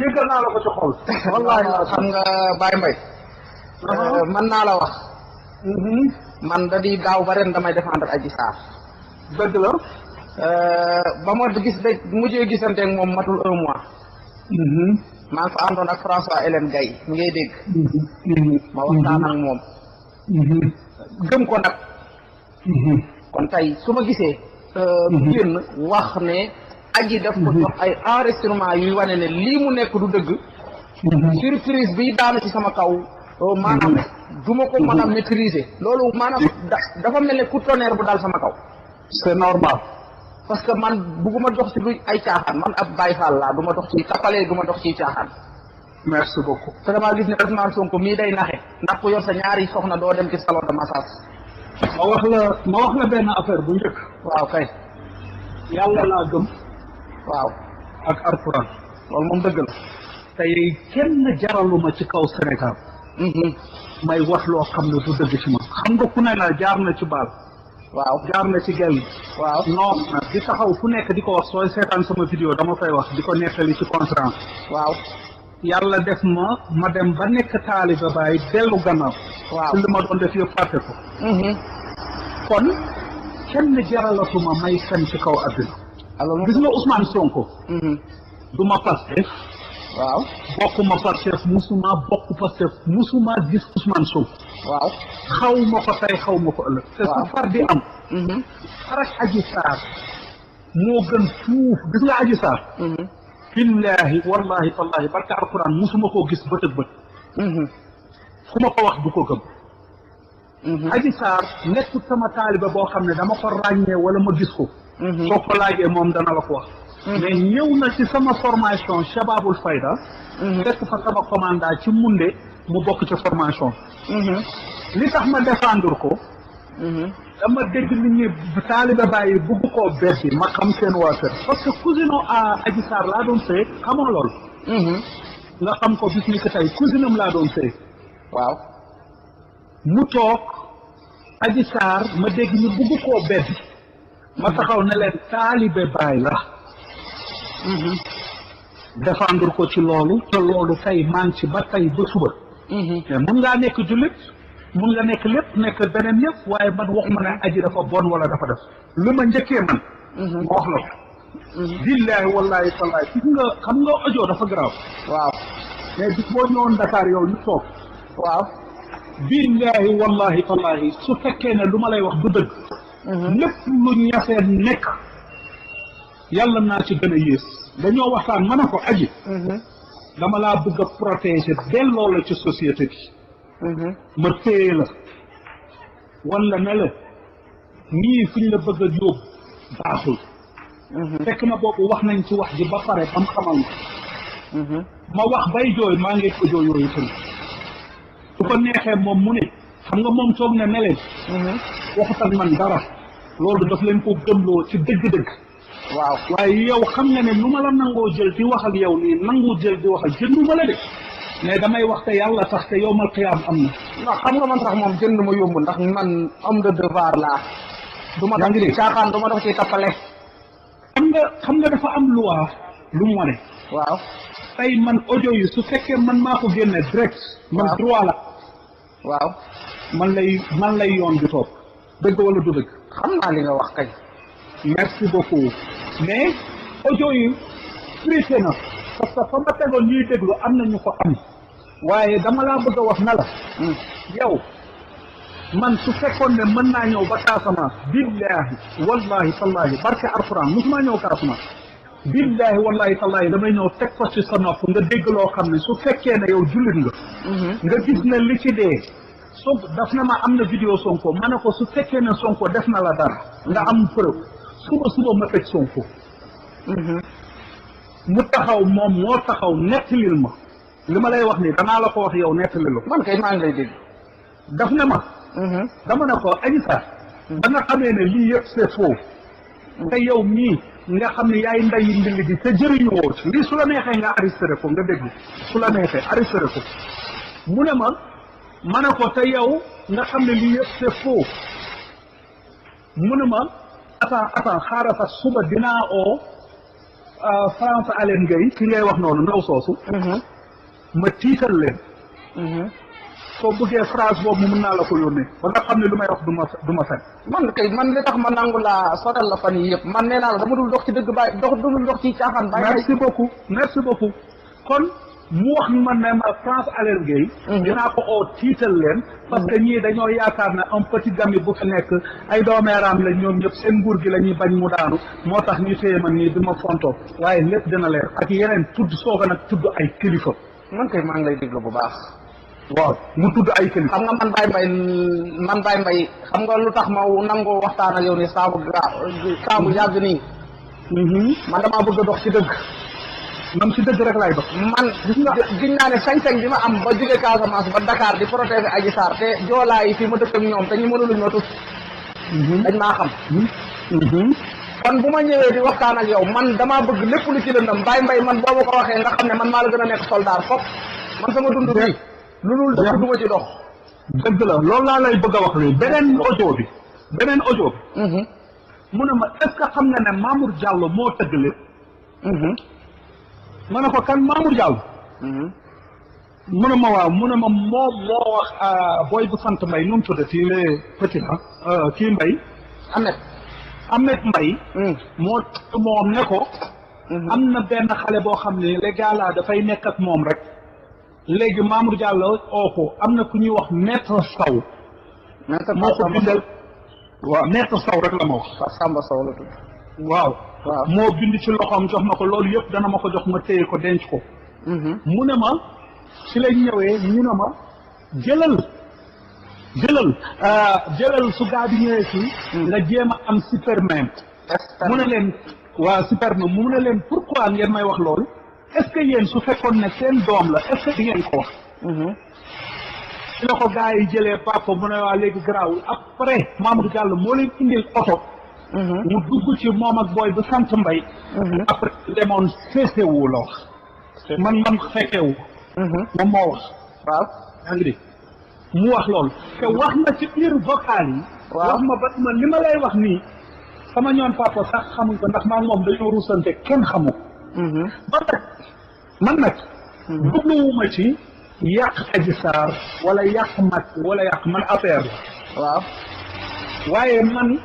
jéggal naa la ko ci xol. xam nga Baye Mbaye. Uh-huh. Euh, man naa la wax. Mm-hmm. man da di daaw ba ren damay défendre Adji Sarr. dëgg la. Euh, ba ma gis de mujjee gisante moom matul un mois. Mm-hmm. maa ngi fa àndoon ak François Hélène Gaye ngay dégg. Mm-hmm. ma waxtaan ak moom. gëm ko nag. kon tey su ma gisee. Euh, génn wax ne. aji def ko jox ay enregistrement yuy wane ne lii mu nekk du dëgg mhm. surprise bi daanu ci sama kaw oh, maanaam mhm. du ma ko mën a mhm. maîtriser loolu maanaam dafa mel ne coup de tonnerre bu daal sama kaw c'est normal parce que man bugguma jox ci du ay caaxaan man ab Baye Fall laa du ma dox ci tappalee du ma dox ci caaxaan merci beaucoup te damaa gis ne Ousmane Sonko mii day naxe ndax ku yor sa ñaari soxna doo dem ci salon de massage ma wax la ma wax la benn affaire bu njëkk waaw kay waaw ak alquran loolu moom dëgg la tey kenn jaraluma ci kaw Sénégal mhm. may wax loo xam ne du dëgg ci ma xam nga ku ne la jaar na ci baal waaw jaar na ci gel waaw non di taxaw fu nekk di ko wax sooy seetaan sama vidéo dama koy wax di ko nettali ci conférence waaw yàlla def ma ma dem ba nekk taaliba baay dellu gannaaw waaw li ma doon def yëpp fàtte ko mhm. kon kenn jaralatuma may fen ci kaw àddina alors gis nga Ousmane Sonko. Mhm. du ma Pastef. waaw bokk ma Pastef musuma bokk Pastef musuma gis Ousmane Sonko. waaw xaw ma ko tey xaw ma ko ëllëg. te su far di am. xarak mhm. Adji Sarr moo gën fuuf gis nga Adji Sarr. Mhm. billahi wallahi tallahi barka alquran musuma koo gis bët ak bët. fu ma ko wax du ko gëm. Adji Sarr nekkul sama taaliba boo xam ne dama ko ràññee wala ma gis ko. Mhm. soo ko laajee moom dana la ko wax mhm. mais ñëw na ci sama formation Shababul Fayda mhm. fekk fa sama commanda ci munde mu bokk ci formation li tax ma défendre ko dama dégg nit ñi bàyyi bugg koo bersi ma xam seen waa kër parce que cousino a ah, Adji laa doon sëy xamoo lool nga xam ko bis ni que tey cousinam laa doon sëy waaw mu toog Adji ma dégg ñu bugg koo bersi ma taxaw ne leen taalibe baay la mm-hmm. défendre ko ci loolu te loolu tey maan ci ba tey ba suba mm-hmm. mais mun ngaa nekk jullit mun nga nekk lépp nekk beneen yëpp waaye man ma ne aji dafa bon wala dafa def lu ma njëkkee man mm-hmm. ko billaahi wallaahi tallaahi gis nga xam nga ojoo dafa garaaw waaw mais bis boo ñëwoon Dakar yow ñu toog waaw billaahi wallaahi tallaahi su fekkee ne lu ma lay wax du dëgg Mm-hmm. lépp lu ñaseen nekk yàlla naa ci gën a yées dañoo waxtaan mën a ko aji mm-hmm. dama laa bëgg a protéger delloo la ci société bi mm-hmm. ma téye la wala ne la nii baaxul fekk na boobu wax nañ ci wax ji ba pare am xamal ma ma wax bay jooy maa ngi ko jooy yooyu tamit su ko moom mu ne xam nga moom toog na ne leen waxut ak dara loolu daf leen ko gëmloo ci dëgg-dëgg waaw waaye yow xam nga ne lu ma la nangoo jël di wax ak yow nii nangu jël di wax ak jëndu ma la de mais damay wax te yàlla sax te yowmal qiyaam am na ndax xam nga man sax moom jënd ma yomb ndax man homme de devoir laa du ma dox ci caaxaan du ma dox ci tappale xam nga xam nga dafa am loi lu mu wane waaw tey man audio yi su fekkee man maa ko génne direct man droit la waaw man lay man lay yoon di toog dëgg wala du dëgg xam naa li nga wax kay merci beaucoup mais audio yi prité na parce que fa ma tegoon ñuy déglu am na ñu ko am waaye dama la bëgg a wax na la hmm. yow man su fekkoon ne mën naa ñëw ba Casamance billaahi wallahi tallaahi barke alquran musuma ñëw Casamance billaahi wallahi tallaahi damay ñëw teg ko si sa nopp nga dégg loo xam ne su fekkee ne yow jullit nga hmm. nga gis ne li ci dee sonko daf na ma am na vidéo sonko ma ne ko su fekkee ne sonko def na la dara nga am preuve suba suba ma tëj sonko mhm. mu taxaw moom moo taxaw nettalil ma li ma lay wax nii danaa la ko wax yow nettalil la man kay maa ngi lay dégg daf ne ma mhm. dama ne ko Adji danga ba nga xamee ne lii yëpp c'est faux mhm. te yow mii nga xam ne yaay ndayi ndilli di te jëriñu woo lii su la neexee nga arrêté ko nga déglu su la neexee arrêté ko mu ne ma ma ne ko te yow nga xam ne lii yëpp foo faux mu ne ma attends attends xaaral sax suba dinaa oo euh, France Hélène Gueye ki ngay wax noonu ndaw soosu mhm. ma tiital leen mhm. soo bëggee phrase boobu mu naa la ko yónnee lu may wax du ma du ma fen man kay man li tax ma nangu laa sotal la fan yi yëpp man nee naa la dama dul dox ci dëgg bàyyi dox dul dox ci caaxaan bàyyi merci beaucoup merci beaucoup kon mu wax ma ne ma France Allergey mhm. dinaa ko oo tiital leen parce que ñii dañoo yaakaar ne en petit gami bu fi nekk ay doomeeraam lañ ñoom ñëpp seen nguur gi la ñuy bañ mu daanu moo tax ñu téye man nii bi ma fontoo waaye lépp dina leer ak yeneen tudd sooga nag tudd ay kilifa man kay maa ngi lay déglu bu baax waaw mu tudd ay kilifa xam nga man Baye Mbaye man Baye Mbaye xam nga lu tax ma nangoo waxtaan ak yow ni saabu saabu yàgg nii mhm. man damaa bëgg a dox ci man si dëgg rek lay dox man gis nga gis naa ne sañ-sañ bi ma am ba jóge Casamance ba dakaar di protéger Adji Sarr te joolaa yi ma dëkk ak ñoom te ñu mënuluñ ma tus mhm. dañ maa xam mhm. Mhm. kon bu ma ñëwee di waxtaan ak yow man damaa bëgg lépp lu ci lëndam mbay mbay man boo ma ko waxee nga man maa gën a nekk soldaar fop man sama dund bi lu dul dëgg du ma ci dox dëgg la loolu laa lay bëgg a wax nii beneen audio bi beneen audio bi mu ne ma est-ce xam nga ne Mamour Diallo moo tëgg lépp ma ne ko kan Mamour Diallo. Mm-hmm. mu ma waaw mu ne ma moom moo wax ah, booy bu sant Mbaye nu mu tuddati les petits ah euh, kii Mbaye. Amet Amet Mbaye. Mm. moo moom ne ko. Mm-hmm. am na benn xale boo xam ne légalaa dafay nekk moom rek. léegi Mamour Diallo oo ko am na ku ñuy wax maître Sow. maître Sow moo ko bindal waaw maître Sow rek la ma wax. Samba Sow la tudd. waaw moo bind ci loxoom jox ma ko loolu yëpp dana ma ko jox ma téye ko denc ko mm-hmm. mu ne ma si lañ ñëwee ñu ne ma jëlal jëlal euh, jëlal su gaa bi ñëwee fii mm. nga jéem a am superman mu ne leen waaw superman mu ne leen pourquoi ngeen may wax loolu est-ce yéen su fekkoon ne seen doom la est-ce di ngeen ko wax si mm-hmm. la ko gaa yi jëlee papa mu ne waa léegi garaawul après Mamadou Diallo moo leen indil oto ñu mhm. dugg ci moom ak booy bu sant mbay mhm. après demoon séesé wu la wax man man fekkewu mhm. moom moo wax waaw yaa ngi dégg mu wax loolu te wax na ci biir vocal yi wax ma ba ma li ma lay wax nii sama ñoon papa sax xamuñ ko ndax maa moom dañoo rusante kenn xamu ba nag man nag dugluwuma ci yàq aji saar wala yàq mag wala yàq man affaire la waaw waaye man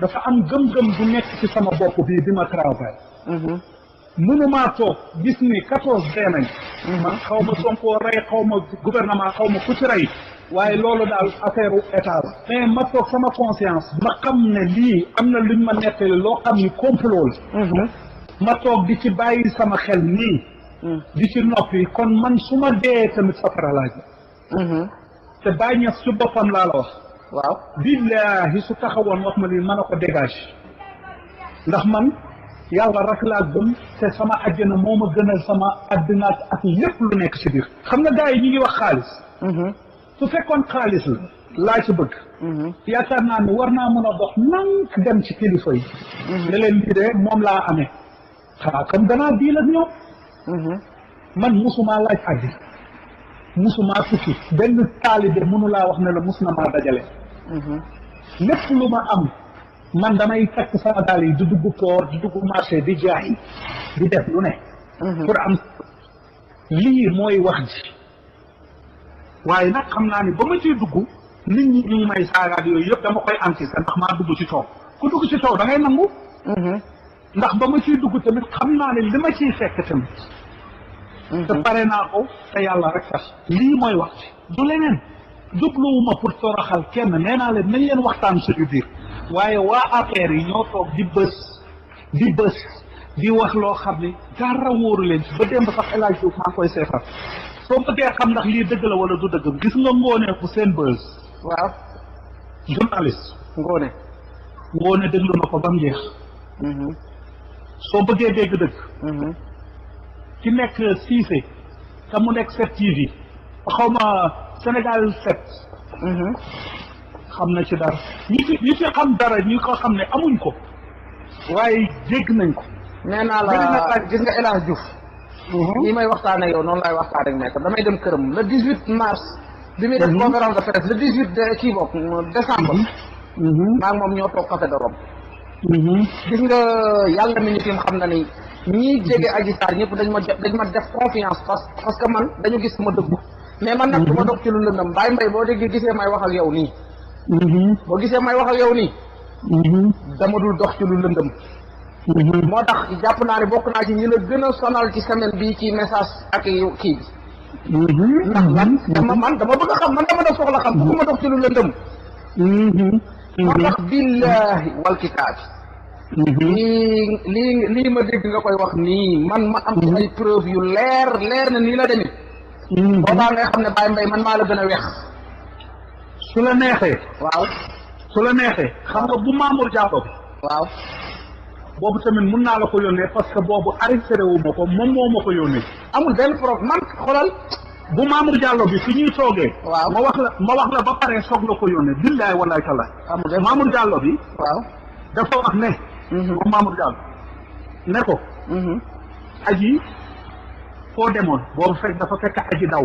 dafa am gëm-gëm bu nekk ci sama bopp bii di ma travail mu mhm. toog gis ni quatorze dee nañ mhm. man xaw ma Sonko rey xaw ma gouvernement xaw ma ku ci rey waaye loolu daal affaire u état la mais ma toog sama conscience ma xam ne lii am na luñ ma nettali loo xam ni complot la mhm. ma toog di ci bàyyi sama xel nii di ci noppi kon man su ma dee tamit safara laaj la te bàyyi ñas su laa la waaw billaahi su taxawoon wax ma li man a ko dégage ndax man yàlla rek laa gëm te sama moom a ma gënal sama àddina ak lépp lu nekk ci biir xam nga gars yi ñu ngi wax xaalis mhm. su fekkoon xaalis la laa ci bëgg mhm. yaakaar naa ne war naa mën a dox nank dem ci kilifa yi mhm. ne leen de moom laa amee xanaa comme danaa diil ak ñoom man musumaa laaj àddina musumaa tukki benn taalibe mënu laa wax ne la mus na maa dajale Mm-hmm. lépp lu ma am man damay takk sama daal yi di dugg port di dugg marché di jaay di def lu ne mm-hmm. pour am lii mooy wax ji waaye nag xam naa ni ba ma ciy dugg nit ñi ñu ngi may saagaat yooyu yëpp dama koy anticiper ndax maa dugg ci coow ku dugg ci coow dangay nangu mm-hmm. ndax ba ma ci dugg tamit xam naa ne li ma ciy fekk tamit te pare naa ko te yàlla rek sax lii mooy wax ji du leneen jubluwuma pour toroxal kenn nee naa leen nañ leen waxtaan suñu biir waaye waa affaire yi ñoo toog di bës di bës di wax loo xam ne dara wóoru leen ba démb sax El Hadj Diouf maa koy seetaan soo bëggee xam ndax lii dëgg la wala du dëgg gis nga ngoonee bu seen bës. waaw journaliste. ngoone ngoone déglu na ko ba mu jeex. Mm-hmm. soo bëggee dégg dëgg. Mm-hmm. ki nekk Cissé te mu nekk 7TV xaw Sénégal set mhm. xam na ci dara ñi ci ñi ci xam dara ñi ko xam ne amuñ ko waaye dégg nañ ko nee naa la gis nga El Hadj Diouf mhm. nii may waxtaan ak yow noonu laay waxtaan ak maître damay dem këram le dix mars bi muy def mhm. conférence de presse le dix huit de kii bokk décembre maa moom ñoo toog café de Rome nga yàlla mi ñu fi xam na ni ñii jege Adji Sarr ñëpp dañ ma dañ ma def confiance parce parce man dañu gis sama dëggu mais man nag mhm. du ma dox ci lu lëndëm mbaay mbay boo déggee gisee may wax ak yow nii mhm. boo gisee may wax ak yow nii mhm. dama dul dox ci lu lëndëm moo tax jàpp naa ne bokk naa ci ñi la gën a sonal ci semaine bii ci message ak kii ndax man dama bëgg a xam man dama def soxla xam ma dox ci lu lëndëm moo tax billaahi wal kitaabi lii lii ma dégg nga koy wax nii man ma am ci ay preuve yu leer leer na nii la demee Mm-hmm. boobaa ngay xam ne Baye Mbaye man maa la gën a weex su la neexee waaw su la neexee xam nga bu Mamour Diallo bi waaw boobu tamit mun naa la ko yónnee parce que boobu ari wu ma ko moom moo ma ko yónnee amul benn problème man xoolal bu Mamour Diallo bi fi ñuy soogee waaw ma wax la ma wax la ba pare soog la ko yónnee billaay wallaay tala Mamour Diallo bi waaw dafa wax ne mm-hmm. moom Mamour Diallo ne ko mm-hmm. aji foo demoon boobu fekk dafa fekk aji daw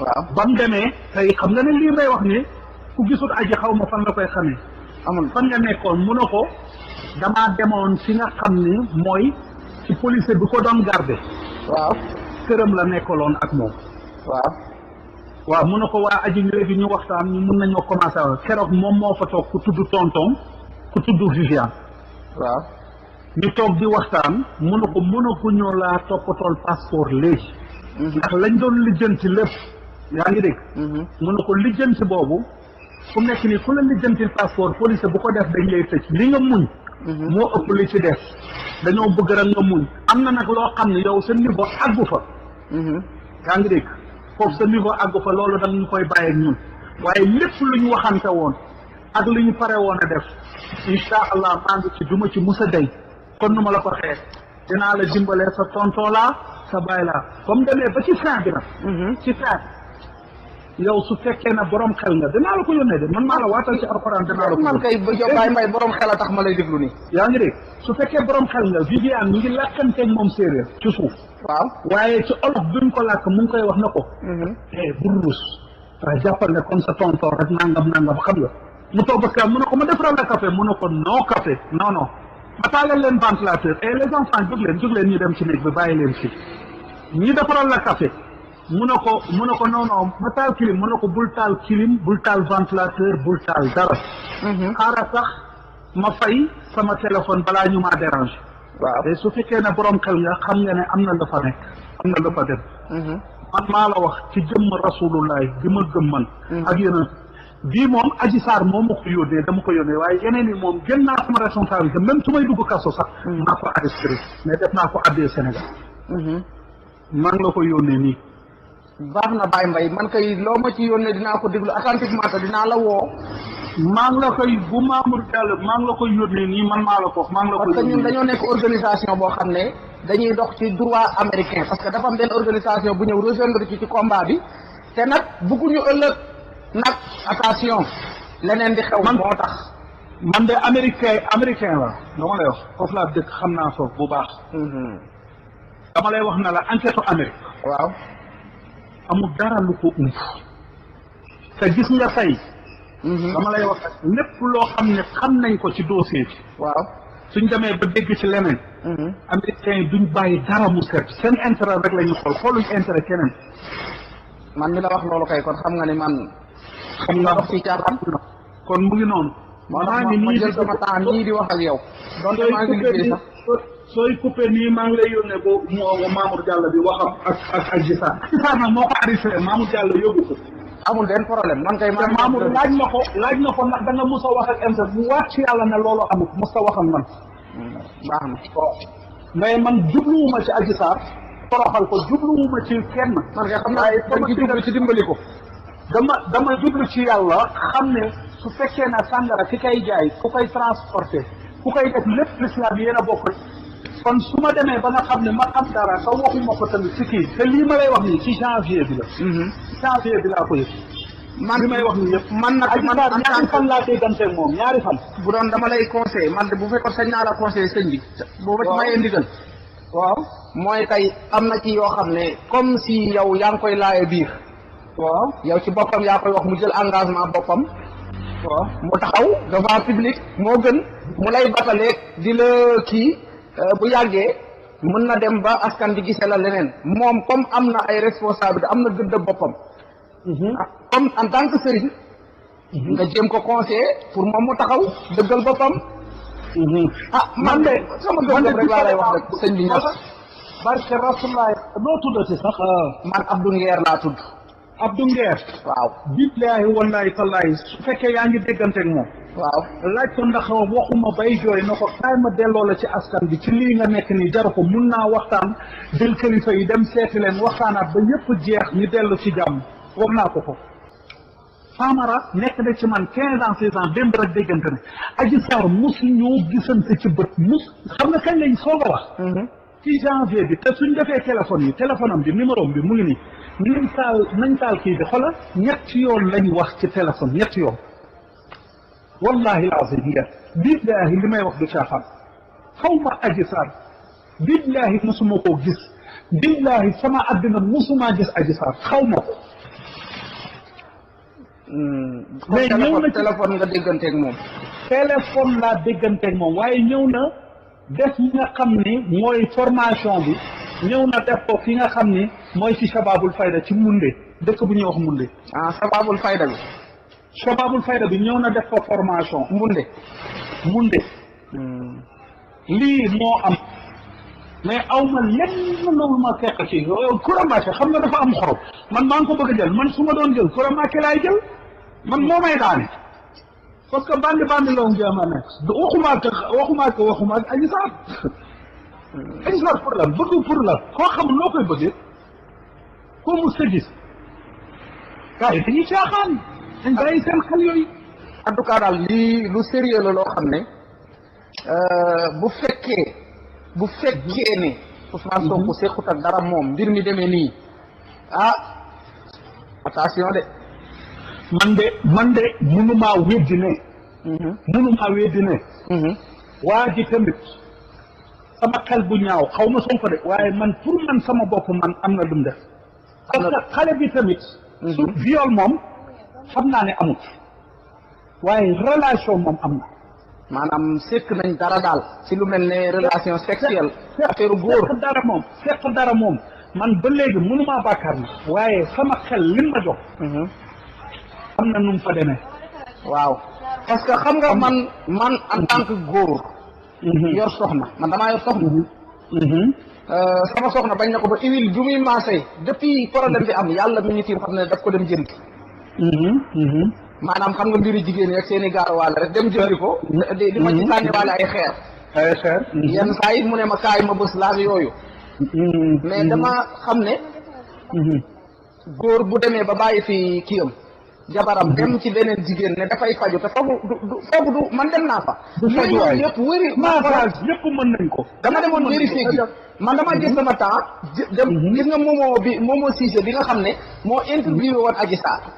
waaw ba mu demee tey xam nga ne lii may wax ni ku gisul aji xaw ma fan la koy xamee amul fan nga nekkoon mu ne ko dama demoon fi nga xam ni mooy ci police bi ko doon garde waaw këram la nekkaloon ak moom waaw waaw mu ne ko waa aji ñëwee bi ñu waxtaan ñu mun nañoo commencé wa keroog moom moo fa toog ku tudd tonton ku tudd Viviane waaw ñu toog di waxtaan mënu ko mënu ko ñoo laa toppatool passeport léegi mhm. ndax lañ doon lijjanti lépp yaa ngi dégg mënu mhm. ko lijjanti boobu fu nekk ni ku la lijjanti passeport police bu ko def dañ lay tëj li nga muñ mhm. moo ëpp li ci def dañoo bëgg rek nga muñ am na nag loo xam ne yow sa niveau àggu fa yaa ngi dégg foofu sa niveau àggu fa loolu da nga koy bàyyi ak ñun waaye lépp lu ñu waxante woon ak lu ñu pare woon a def incha allah maa ngi ci duma ci musa day kon nu ma la ko xee dinaa la dimbalee sa tonton laa sa baay laa ba mu demee ba ci fin bi nag mhm. ci fin yow su fekkee na borom xel nga dinaa la ko yónnee de man maa la waatal ci alxuraan dinaa la ko man kay baay may borom xel a tax ma lay déglu nii yaa ngi dégg su fekkee borom xel nga Viviane mi ngi làkkanteeg moom séeréer ci suuf waaw waaye ci olof bi mu ko làkk mu ngi koy wax na ko mhm. eh burrus waaye jàppal ne comme sa tonton rek nangam nangam xam nga mu toog ba mu ne ko ma defaral la café mu ne ko non café non ma taaleel leen ventilateur et les enfants jóg leen jóg leen ñu dem ci néeg bi bàyyi leen si ñi defaral la café mu ne ko mu ne ko non non ma taal clim mu ne ko bul taal clim bul taal ventilateur bul taal dara. Mhm. xaaral sax ma fay sama téléphone balaa ñu maa dérange. waaw te su fekkee ne boroom xel nga xam nga ne am na la fa nekk am na la fa dem. Mhm. man maa la wax ci jëmm rasulullahi bi ma gëm mhm. ak yeneen. bii moom aji saar moom ma ko yónnee dama ko yónnee waaye yeneen yi moom gën naa sama responsabilité même su may dugg kaso sax mm-hmm. naa ko arrêté mais def naa ko addee Sénégal mm-hmm. maa ngi la ko yónnee nii baax na Baye mbay man kay loo ma ci yónnee dinaa ko déglu attentivement te dinaa la woo maa ngi la koy bu Mamour Diallo maa la koy yónnee nii man maa la ko wax maa la koy parce que ñun dañoo nekk organisation boo xam ne dañuy dox ci droit américain parce que dafa am benn organisation bu ñëw rejoindre ci bi te nag bëgguñu attention leneen di xew moo tax man de américain americain la dama lay wax foofu laa dëkk xam naa foofu bu baax mhm. dama lay wax na la enquête Amérique waaw amul dara lu ko umb te gis nga say mhm. dama lay wax lépp loo xam ne xam nañ ko ci dossier bi waaw suñ demee ba dégg ci leneen mhm. américains yi duñ bàyyi dara mu set seen intérêt rek la ñu xool xooluñ intérêt keneen man ni la wax loolu kay kon xam nga ni man xam naa dox si caaxaan kon mu ngi noonu. maa ngi nii di sama temps nii di wax ak yow. donte maa ngi liggéey sax sooy coupé nii maa ngi lay yónnee ba mu Mamour Diallo bi waxam ak ak ak Gisaar. Gisaar moo ko arrêté Mamour Diallo yóbbu ko. amul benn problème man kay. maa Mamour laaj na ko laaj na ko ndax da nga mos a wax ak bu waat ci yàlla na loolo amul mos a wax ak man. Hmm, baax na mais man jubluwuma ci Adji Sarr toroxal ko ma ci kenn. man kay xam naa i ay ci dimbali ko. dama dama jublu ci yàlla xam ne su fekkee na sàngara ki koy jaay ku koy transporté ku koy def lépp l'islam yéen a bokk kon su ma demee ba nga xam ne ma xam dara ka waxuma ko tamit ci kii te lii ma lay wax nii ci janvier bi la mhm. janvier bi laa ko yëg man li may wax nii yëpp man nag man ñaari fan laa dégganteeg moom ñaari fan bu doon dama lay conseillé man de bu fekkoon sañ naa la conseillé sëñ bi boo ma ci mayee ndigal waaw mooy kay am na ci yoo xam ne comme si yow yaa ngi koy laaye biir waaw yow ci boppam yaa koy wax mu jël engagement boppam. waaw mu taxaw devant public moo gën mu lay batale di la kii euh, bu yàggee mën na dem ba askan bi gisee la leneen moom comme am na ay responsabilité am na gëdd boppam. Mhm. Ah, comme en tant que sëriñ. Mhm. nga jëm ko conseiller pour moom mu taxaw dëggal boppam. Mhm. ah man de sama gëm rek laa lay wax rek sëñ bi ñor. barke Rasulullah noo tuddati sax. Euh? man Abdou Nguer laa tudd. Abdou Nguer waaw billaahi wallaahi tallaahi su fekkee yaa ngi dégganteeg moom waaw laaj ko ndax waxuma bay jooy na ko kaay ma delloo la ci askan bi ci lii nga nekk nii jaru ko mun naa waxtaan jël kilifa yi dem seeti leen waxtaanaat ba yëpp jeex ñu dellu ci jàmm wax naa ko ko Famara nekk na ci man quinze ans seize ans démb rek déggante ne Adji Sarr ñoo gisante ci bët mos xam nga kañ lañ soog a wax mm-hmm. ci janvier bi te suñ defee téléphone yi téléphone bi numéro bi mu ngi nii ñun taal nañ taal kii bi xoolal ñetti yoon lañ wax ci téléphone ñetti yoon wallahi billahi li may wax du caaxaan xaw ma aji saar billahi mosuma koo gis billahi sama àddina mosumaa gis aji saar xaw ma ko hmm. mais ñëw na nga dégganteeg moom téléphone laa dégganteeg moom waaye ñëw na def ñi xam ne mooy formation bi ñëw na def ko fi nga xam ni mooy ci sababul fayda ci munde dëkk bu ñuy wax munde ah sababul fayda bi sababul bi ñëw na def ko formation munde munde hmm. lii moo am mais aw ma loolu ma fekk ci Kourambaké xam nga dafa am xorom man maa ngi ko bëgg a jël man su ma doon jël Kourambaké laay jël man moo may daane que bandi bandi loon jéem a nekk waxuma ak waxuma ak waxuma ak exigence pour la bëgg pour lan koo xam loo koy bëggee koo mu service gars yi dañuy caaxaan dañ bàyyi seen xel yooyu en daal lii lu sérieux la loo xam ne euh, bu fekkee bu fekkee ne Ousmane Sonko mhm. sequt ak dara moom mbir mi demee nii ah attention de man de man de mënumaa weddi ne mhm. mënumaa weddi ne mhm. waa ji tamit sama xel bu ñaaw xaw ma Sonko de waaye man pour man sama bopp man am na lu mu def parce que xale bi tamit mhm. su viol moom xam naa ne amut waaye relation moom am na maanaam sekk nañ dara daal si lu mel ne relation sexuelle affaire góor dara moom sekk dara moom man ba léegi mënumaa bàkkaar na waaye sama xel lim ma jox mhm. am na nu mu fa demee waaw parce que xam nga man man en tant que góor Mm-hmm. yor soxna man damaa yor soxna. Mm-hmm. Mm-hmm. Euh, sama soxna bañ na ko ba huile bi muy maasee depuis problème bi am yàlla mi ñu tiim xam ne daf ko dem jënd. maanaam xam nga mbiru jigéen ñi seeni seen i gaaruwaale rek dem jëndi ko. di di ma ci sànniwaale ay xeer. ay xeer. yenn saa yi mu ne ma kaay ma bës laaj yooyu. mais dama xam ne. góor bu demee ba bàyyi fi kii am. jabaram dem ci beneen jigéen ne dafay faju te foofu du du foofu man dem naa fa. du faju waay yëpp wëri. massage yëpp mën nañ ko. dama demoon vérifier gi man dama gis sama temps. dem mm-hmm. gis nga moomoo bi moomoo Cissé bi nga xam ne moo interviewé woon Adji Sarr.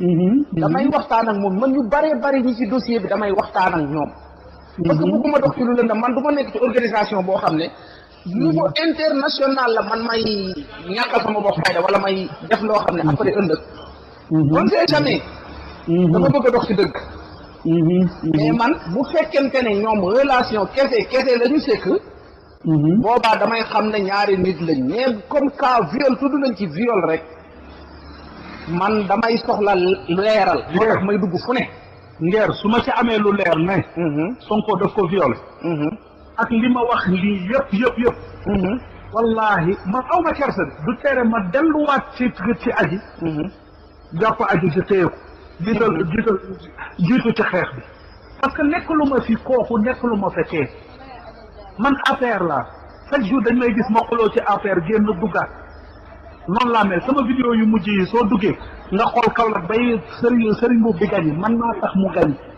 Mm-hmm. damay mm-hmm. waxtaan ak moom man yu bëree bëri ñi ci dossier bi damay waxtaan ak ñoom. parce que bëgguma dox ci lu lëndam man du ma nekk ci organisation boo xam ne. niveau international la man may ñàkkal sama bopp fayda wala may def loo xam ne après ëndëg. on mhm. sait jamais. Mhm. dafa bëgg a dox ci dëgg. Mhm. man bu fekkente ne ñoom relation kese kese la ñu sekk. boobaa damay xam ne ñaari nit lañ mais comme cas viol tudd nañ ci viol rek man damay soxla leeral. moo tax may dugg fu ne. ngeer su ma ci amee lu leer ne. Sonko daf ko violé. ak li ma wax lii yëpp yëpp wallahi man aw ma kersa du tere ma delluwaat ci ci aji. jàpp aji si téye ko jiital ci xeex bi parce que nekk lu ma fi kooku nekk lu ma fekkee man affaire la chaque dañ may gis ma xoloo ci affaire génn duggaat noonu laa mel sama vidéo yu mujj yi soo duggee nga xool Kaolack bay sëriñ sëriñ bu bi gañi man maa tax mu gañi